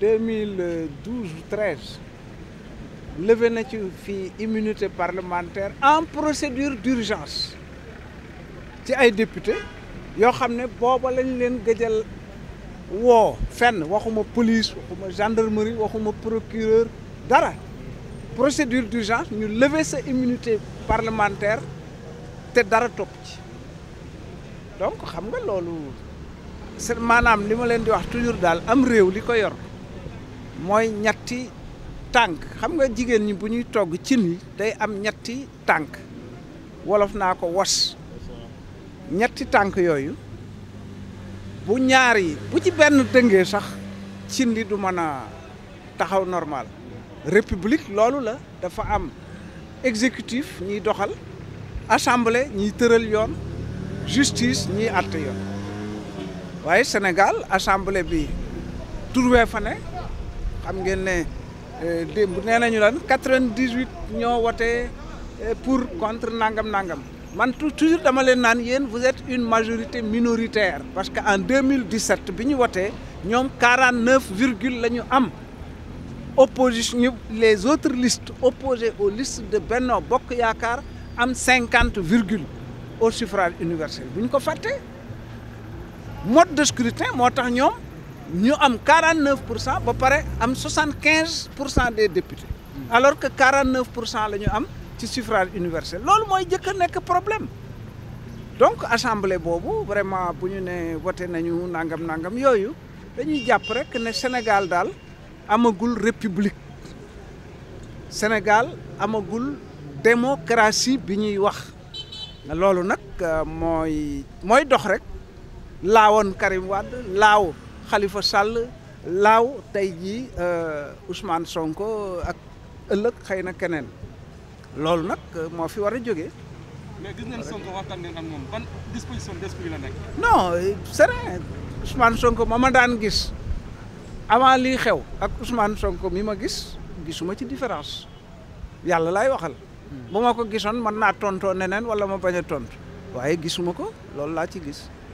deux mille douze treize levé na ci fii immunité parlementaire en procédure d'urgence ci ay député yoo xam ne booba lañ leen gëjal woo fenn waxuma police waxuma gendarmerie waxuma procureur dara procédure d'urgence ñu lever sa immunité parlementaire te dara topp ci donc xam nga loolu c'est maanaam li ma leen di wax toujours daal am réew li ko yor mooy ñetti tànk xam nga jigéen ñi bu ñuy togg cin yi day am ñetti tànk wolof naa ko was ñetti tànk yooyu bu ñaar yi bu ci benn dëngee sax cin li du mën a taxaw normal république loolu la dafa am exécutif ñiy doxal assemblée ñiy tëral yoon justice ñiy àtte yoon waaye Sénégal assemblée bi turwee fa ne xam ngeen ne euh, démb nee nañu lan quatre-vingt-dix-huit ñoo wote euh, pour contre nangam nangam man toujours dama leen naan yéen vous êtes une majorité minoritaire parce que en 2017 bi ñu wotee ñoom 49 virgule la ñu am opposition les autres listes opposées au listes de Benno Bokk Yaakaar am cinquante virgule au suffrage universel bu ko fàttee mode de scrutin moo tax ñoom ñu am 49 pour cent ba pare am 75 pour cent des députés alors que 49 pour cent la ñu am ci suffrage universel loolu mooy jëkk a nekk problème donc assemblée boobu vraiment bu ñu ne voté nañu nangam nangam yooyu dañuy jàpp rek ne Sénégal daal amagul république Sénégal amagul démocratie bi ñuy wax loolu nag euh, mooy mooy dox rek laawoon Karim Wade laaw xalifa Sall laaw tey jii euh, Ousmane Sonko ak ëllëg xëy na keneen loolu nag euh, moo fi war a jóge mais gis ngeen Sonko waxtaan ak moom ban disposition d'esprit la nekk. non serein Ousmane Sonko ma ma daan gis avant lii xew ak Ousmane Sonko mi ma gis gisuma ci différence yàlla laay waxal. Hmm. bu ma ko gisoon mën naa tontoo neneen wala ma bañ a tontu waaye gisuma ko loolu laa ci gis.